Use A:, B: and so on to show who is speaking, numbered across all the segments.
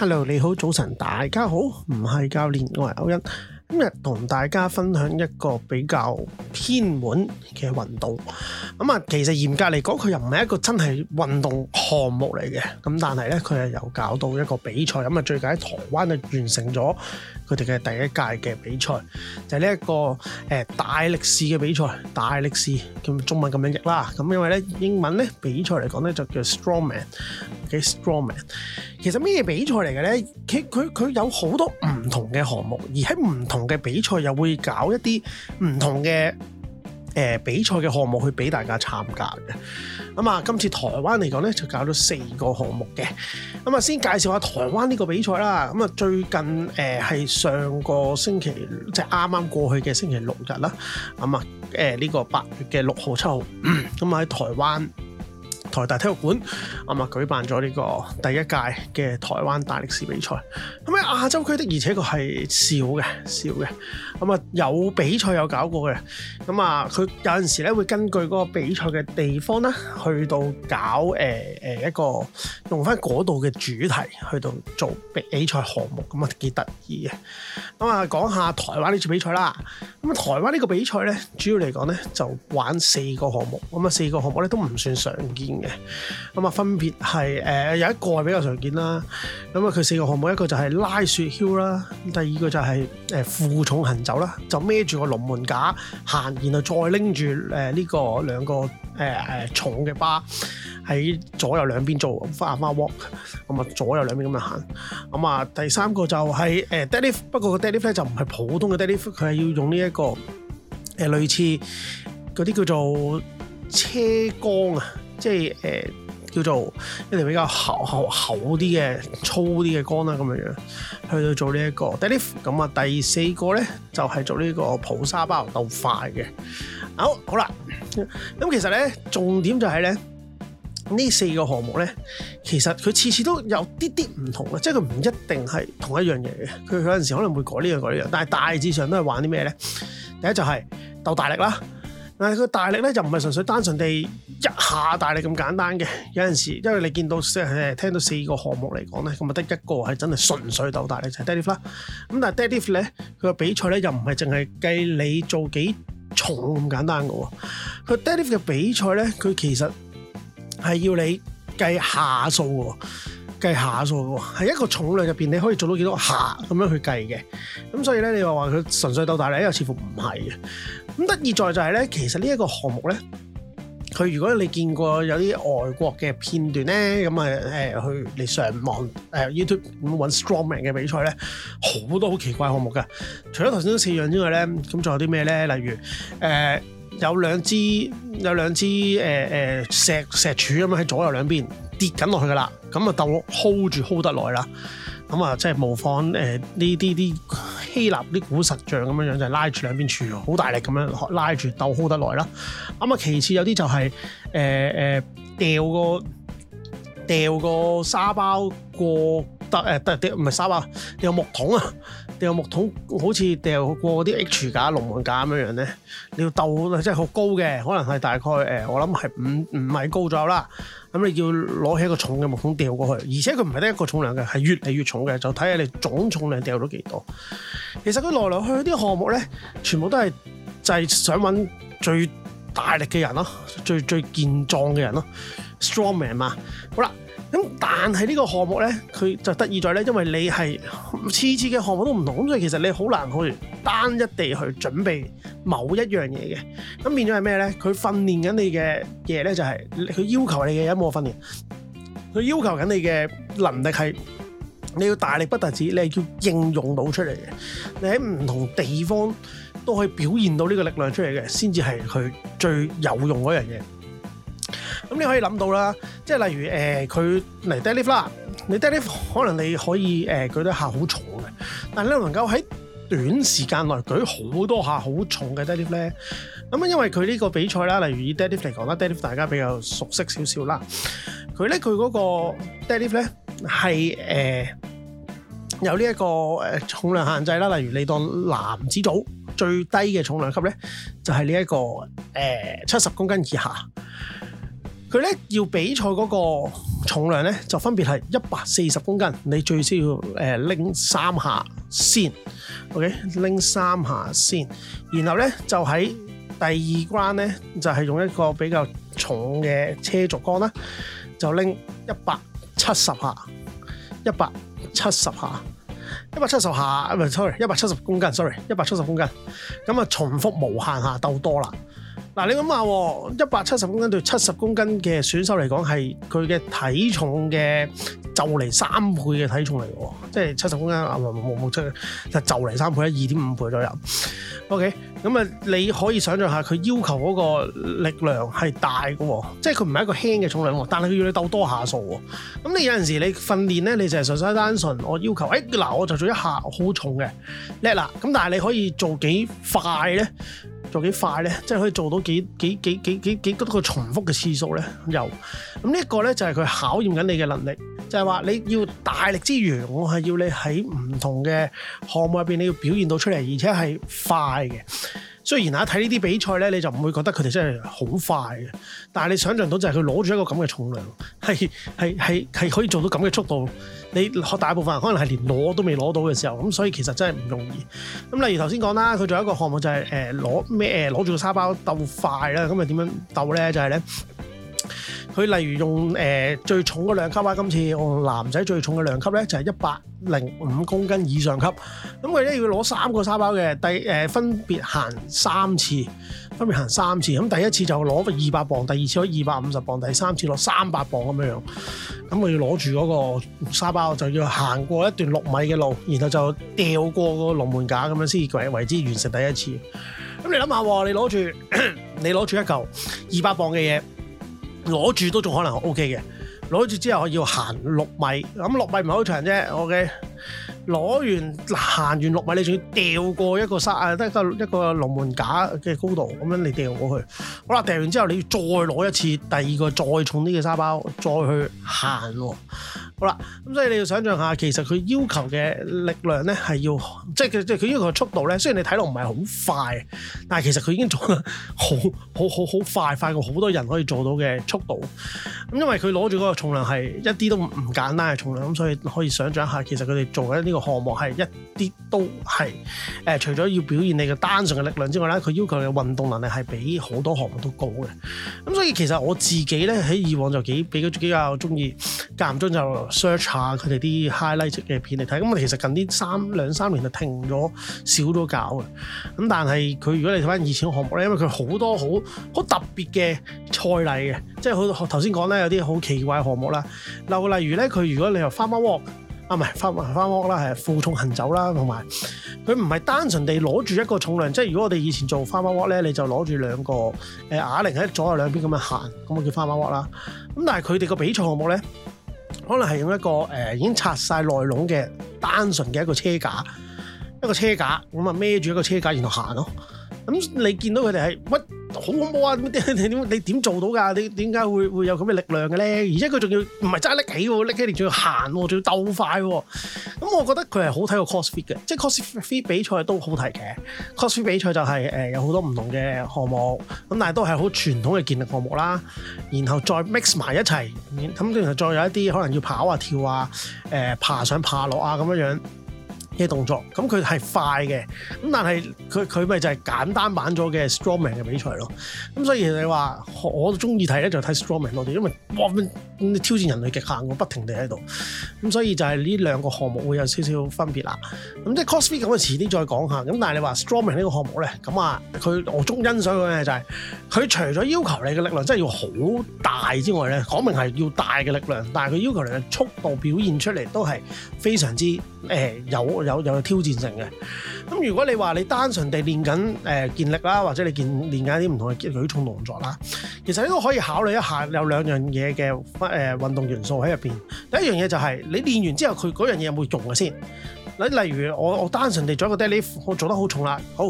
A: Hello，你好，早晨，大家好，唔係教練，我係歐欣，今日同大家分享一個比較偏門嘅運動，咁、嗯、啊，其實嚴格嚟講，佢又唔係一個真係運動項目嚟嘅，咁但係呢，佢係又搞到一個比賽，咁、嗯、啊，最近喺台灣就完成咗。佢哋嘅第一屆嘅比賽就係呢一個誒、呃、大力士嘅比賽，大力士咁中文咁樣譯啦。咁因為咧英文咧比賽嚟講咧就叫 Strongman 嘅、okay? Strongman。其實咩嘢比賽嚟嘅咧？佢佢佢有好多唔同嘅項目，而喺唔同嘅比賽又會搞一啲唔同嘅誒、呃、比賽嘅項目去俾大家參加嘅。咁啊，今次台灣嚟講咧，就搞咗四個項目嘅。咁啊，先介紹下台灣呢個比賽啦。咁啊，最近誒係、呃、上個星期，即係啱啱過去嘅星期六日啦。咁、呃、啊，誒、這、呢個八月嘅六號、七號，咁啊喺台灣。台大體育館啱啱舉辦咗呢個第一屆嘅台灣大力士比賽，咁啊亞洲區的，而且確係少嘅，少嘅，咁啊有比賽有搞過嘅，咁啊佢有陣時咧會根據嗰個比賽嘅地方咧，去到搞誒誒一個用翻嗰度嘅主題去到做比賽項目，咁啊幾得意嘅，咁啊講下台灣呢次比賽啦，咁啊台灣呢個比賽咧主要嚟講咧就玩四個項目，咁啊四個項目咧都唔算常見的。咁啊，分別係誒、呃、有一個係比較常見啦。咁啊，佢四個項目，一個就係拉雪橇啦，第二個就係誒負重行走啦，就孭住個龍門架行，然後再拎住誒呢個兩個誒誒、呃呃、重嘅巴喺左右兩邊做翻下翻 walk，咁啊左右兩邊咁樣行。咁、嗯、啊，第三個就係誒 deadlift 不過個 deadlift 就唔係普通嘅 deadlift 佢係要用呢、這、一個誒、呃、類似嗰啲叫做車桿啊。即係誒、呃、叫做一條比較厚厚厚啲嘅粗啲嘅竿啦，咁樣樣去到做呢、這、一個 deadlift。咁啊第四個咧就係、是、做呢個普沙包鬥快嘅。好，好啦。咁、嗯、其實咧重點就係咧呢這四個項目咧，其實佢次次都有啲啲唔同嘅，即係佢唔一定係同一樣嘢嘅。佢有陣時可能會改呢、這、樣、個、改呢、這、樣、個，但係大致上都係玩啲咩咧？第一就係、是、鬥大力啦。但係佢大力咧就唔係純粹單純地一下大力咁簡單嘅，有陣時因為你見到即係聽到四個項目嚟講咧，咁咪得一個係真係純粹鬥大力，就係 deadlift 啦。咁但係 deadlift 咧，佢個比賽咧又唔係淨係計你做幾重咁簡單嘅喎，佢 deadlift 嘅比賽咧，佢其實係要你計下數嘅，計下數嘅，喺一個重量入邊你可以做到幾多下咁樣去計嘅。咁所以咧，你話話佢純粹鬥大力咧，又似乎唔係嘅。咁得意在就係咧，其實呢一個項目咧，佢如果你見過有啲外國嘅片段咧，咁啊誒去你上網誒、呃、YouTube 咁揾 Strongman 嘅比賽咧，好多好奇怪的項目嘅。除咗頭先四樣之外咧，咁仲有啲咩咧？例如誒、呃、有兩支有兩支誒誒、呃、石石柱咁樣喺左右兩邊跌緊落去噶啦，咁啊鬥 hold 住 hold 得耐啦。咁啊即係模仿誒呢啲啲。呃希臘啲古實像咁樣樣，就係、是、拉住兩邊柱，好大力咁樣拉住鬥 hold 得耐啦。咁啊，其次有啲就係誒誒，掉、欸欸、個掉個沙包過得誒，得唔係沙包，掉木桶啊，掉木桶，好似掉過啲 H 架、龍門架咁樣樣咧。你要鬥即係好高嘅，可能係大概誒、欸，我諗係五五米高左右啦。咁你要攞起一個重嘅木桶掉過去，而且佢唔係得一個重量嘅，係越嚟越重嘅，就睇下你總重量掉咗幾多。其實佢來來去去啲項目咧，全部都係就係想揾最大力嘅人咯，最最健壯嘅人咯，Strongman 嘛。好啦，咁但係呢個項目咧，佢就得意在咧，因為你係次次嘅項目都唔同，咁所以其實你好難去單一地去準備某一樣嘢嘅。咁變咗係咩咧？佢訓練緊你嘅嘢咧，就係、是、佢要求你嘅一模訓練，佢要求緊你嘅能力係。你要大力不特止，你係要應用到出嚟嘅。你喺唔同地方都可以表現到呢個力量出嚟嘅，先至係佢最有用嗰樣嘢。咁、嗯、你可以諗到啦，即係例如誒佢嚟 deadlift 啦，呃、deadlift, 你 deadlift 可能你可以誒、呃、舉得一下好重嘅，但係你能夠喺短時間內舉好多一下好重嘅 deadlift 咧。咁、嗯、因為佢呢個比賽啦，例如以 deadlift 嚟講啦 deadlift 大家比較熟悉少少啦。佢咧佢嗰個 deadlift 咧。係誒有呢一個誒重量限制啦，例如你當男子組最低嘅重量級咧，就係呢一個誒七十公斤以下。佢咧要比賽嗰個重量咧，就分別係一百四十公斤，你最需要誒拎三下先，OK？拎三下先，然後咧就喺第二關咧，就係用一個比較重嘅車軸桿啦，就拎一百七十下，一百七十下，一百七十下，唔係，sorry，一百七十公斤，sorry，一百七十公斤咁啊，重複無限下斗多啦。嗱，你諗下一百七十公斤對七十公斤嘅選手嚟講，係佢嘅體重嘅。就嚟三倍嘅體重嚟嘅喎，即係七十公斤啊！冇唔唔唔就就嚟三倍啦，二點五倍左右。OK，咁啊，你可以想像下佢要求嗰個力量係大嘅喎，即係佢唔係一個輕嘅重量喎，但係佢要你鬥多下數喎。咁你有陣時你訓練咧，你就係純粹單純我要求誒嗱、欸，我就做一下好重嘅叻啦。咁但係你可以做幾快咧？做幾快咧？即係可以做到幾幾幾幾幾幾多個重複嘅次數咧？又咁呢一個咧就係、是、佢考驗緊你嘅能力。就係、是、話你要大力之餘，我係要你喺唔同嘅項目入邊，你要表現到出嚟，而且係快嘅。雖然啊，睇呢啲比賽咧，你就唔會覺得佢哋真係好快嘅。但係你想象到就係佢攞住一個咁嘅重量，係係係係可以做到咁嘅速度。你大部分人可能係連攞都未攞到嘅時候，咁所以其實真係唔容易。咁例如頭先講啦，佢仲有一個項目就係誒攞咩攞住個沙包鬥快啦。咁啊點樣鬥咧？就係、是、咧。佢例如用誒、呃、最重嘅兩級啦，今次我男仔最重嘅兩級咧就係一百零五公斤以上級。咁佢咧要攞三個沙包嘅，第誒、呃、分別行三次，分別行三次。咁第一次就攞個二百磅，第二次攞二百五十磅，第三次攞三百磅咁樣樣。咁佢要攞住嗰個沙包就要行過一段六米嘅路，然後就掉過個龍門架咁樣先為，為之完成第一次。咁你諗下，你攞住你攞住一嚿二百磅嘅嘢。攞住都仲可能 O K 嘅，攞住之後我要行六米，咁六米唔係好長啫，O K。攞完行完六米，你仲要掉過一個沙啊，得一個一個龍門架嘅高度咁樣你掉過去。好啦，掉完之後你要再攞一次第二個再重啲嘅沙包，再去行。好啦，咁所以你要想象下，其實佢要求嘅力量咧係要，即係佢即係佢要求嘅速度咧。雖然你睇落唔係好快，但係其實佢已經做得好好好好快，快過好多人可以做到嘅速度。咁因為佢攞住嗰個重量係一啲都唔簡單嘅重量，咁所以可以想象一下，其實佢哋做緊呢個項目係一啲都係、呃、除咗要表現你嘅單純嘅力量之外咧，佢要求嘅運動能力係比好多項目都高嘅。咁所以其實我自己咧喺以往就幾比較比較中意間唔中就。search 下佢哋啲 highlight 嘅片嚟睇，咁啊其實近啲三兩三年就停咗，少咗搞嘅。咁但係佢如果你睇翻以前的項目咧，因為佢好多好好特別嘅賽例嘅，即係好頭先講咧有啲好奇怪的項目啦。嗱例如咧，佢如果你話 Farmour Walk 啊，唔係 Farmour Walk 啦，係負重行走啦，同埋佢唔係單純地攞住一個重量，即係如果我哋以前做 Farmour Walk 咧，你就攞住兩個誒啞鈴喺左右兩邊咁樣行，咁啊叫 Farmour Walk 啦。咁但係佢哋個比賽項目咧。可能係用一個、呃、已經拆晒內籠嘅單純嘅一個車架，一個車架，咁咪孭住一個車架然後行囉。咁你見到佢哋係好恐怖啊！你點你做到㗎？點點解會會有咁嘅力量嘅咧？而且佢仲要唔係揸拎起喎，拎起仲要行喎，仲要鬥快喎。咁我覺得佢係好睇過 CrossFit 嘅，即係 CrossFit 比賽都好睇嘅。CrossFit 比賽就係、是呃、有好多唔同嘅項目，咁但係都係好傳統嘅健力項目啦。然後再 mix 埋一齊，咁然後再有一啲可能要跑啊、跳啊、呃、爬上爬落啊咁樣樣，嘅動作，咁佢係快嘅，咁但係佢佢咪就係簡單版咗嘅 Strongman 嘅比賽囉。咁所以你話我都鍾意睇咧就睇 Strongman 多啲，因為挑戰人類極限，我不停地喺度。咁所以就係呢兩個項目會有少少分別啦。咁即係 cosmic 咁，遲啲再講下。咁但係你話 strongman 呢個項目咧，咁啊佢我中欣賞嘅就係、是、佢除咗要求你嘅力量真係要好大之外咧，講明係要大嘅力量。但係佢要求你嘅速度表現出嚟都係非常之誒、呃、有有有挑戰性嘅。咁如果你話你單純地練緊誒健力啦，或者你健練緊啲唔同嘅舉重動作啦。其實都可以考慮一下，有兩樣嘢嘅誒運動元素喺入邊。第一樣嘢就係你練完，完之後，佢嗰樣嘢有冇用嘅先？例例如我我單純地做一個 deadlift 我做得好重啦，好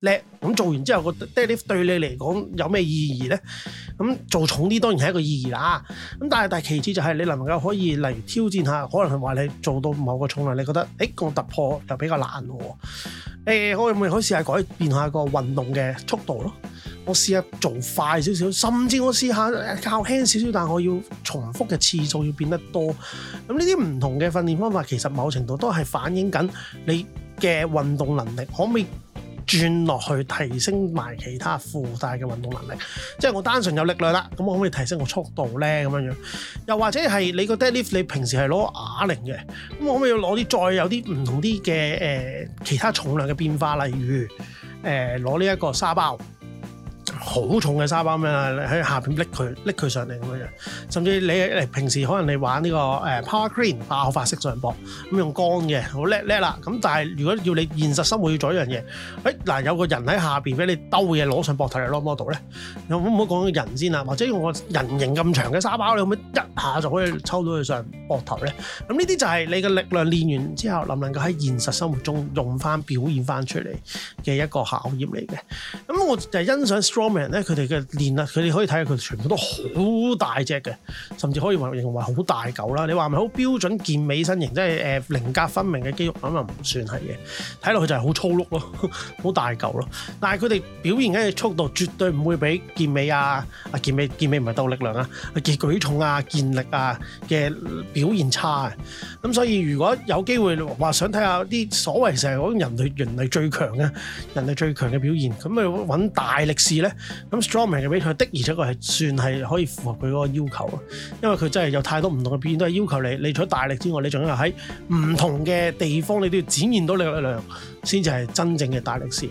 A: 叻。咁做完之後個 deadlift 對你嚟講有咩意義咧？咁做重啲當然係一個意義啦。咁但係但係其次就係你能夠可以例如挑戰下，可能係話你做到某個重量，你覺得誒咁、欸、突破又比較難喎。誒、欸，我可唔可以試下改變一下個運動嘅速度咯？我試下做快少少，甚至我試下較輕少少，但我要重複嘅次數要變得多。咁呢啲唔同嘅訓練方法，其實某程度都係反映緊你嘅運動能力，可唔可以轉落去提升埋其他附帶嘅運動能力？即係我單純有力量啦，咁我可唔可以提升個速度咧？咁樣樣，又或者係你個 deadlift 你平時係攞啞鈴嘅，咁我可唔可以攞啲再有啲唔同啲嘅誒其他重量嘅變化，例如誒攞呢一個沙包？好重嘅沙包咩？樣啦，喺下邊拎佢拎佢上嚟咁樣，甚至你誒平時可能你玩呢個誒 Power Clean 爆發式上膊，咁用光嘅好叻叻啦，咁但係如果要你現實生活要做一樣嘢，誒、哎、嗱有個人喺下邊俾你兜嘢攞上膊頭嚟攞唔攞到咧？你有冇講個人先啊？或者用個人形咁長嘅沙包，你可唔可以一下就可以抽到佢上膊頭咧？咁呢啲就係你嘅力量練完之後，能唔能夠喺現實生活中用翻表現翻出嚟嘅一個考驗嚟嘅？咁我就係欣賞 Strongman。人咧，佢哋嘅練啊，佢哋可以睇下佢哋全部都好大隻嘅，甚至可以話認為好大嚿啦。你話咪好標準健美身形，即係誒稜角分明嘅肌肉咁啊，唔算係嘅。睇落去就係好粗碌咯，好大嚿咯。但係佢哋表現嘅速度絕對唔會比健美啊、啊健美健美唔係鬥力量啊，健、啊、舉重啊、健力啊嘅表現差啊。咁所以如果有機會話想睇下啲所謂成日講人類人類最強嘅人類最強嘅表現，咁咪揾大力士咧？咁 Strongman 嘅比賽的而且確係算係可以符合佢嗰個要求，因為佢真係有太多唔同嘅表現，都係要求你，你除咗大力之外，你仲要喺唔同嘅地方，你都要展現到你嘅力量，先至係真正嘅大力士。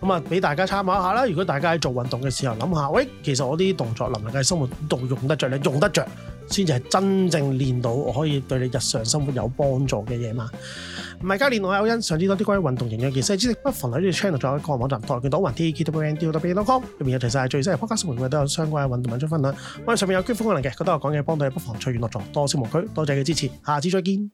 A: 咁啊，俾大家參考一下啦。如果大家喺做運動嘅時候諗下，喂，其實我啲動作能唔能夠喺生活度用得着？你用得着先至係真正練到，我可以對你日常生活有幫助嘅嘢嘛。唔係教練我係歐欣，想知多啲關於運動營養嘅知識，不妨喺呢啲 channel，仲有一個網站，taekwondowen.com，裏面有齊曬最新嘅科學新聞，都有相關嘅運動文章分享。我哋上面有捐款功能嘅，覺得我講嘢幫到你，不妨隨緣樂助，多少無拘，多謝你嘅支持，下次再見。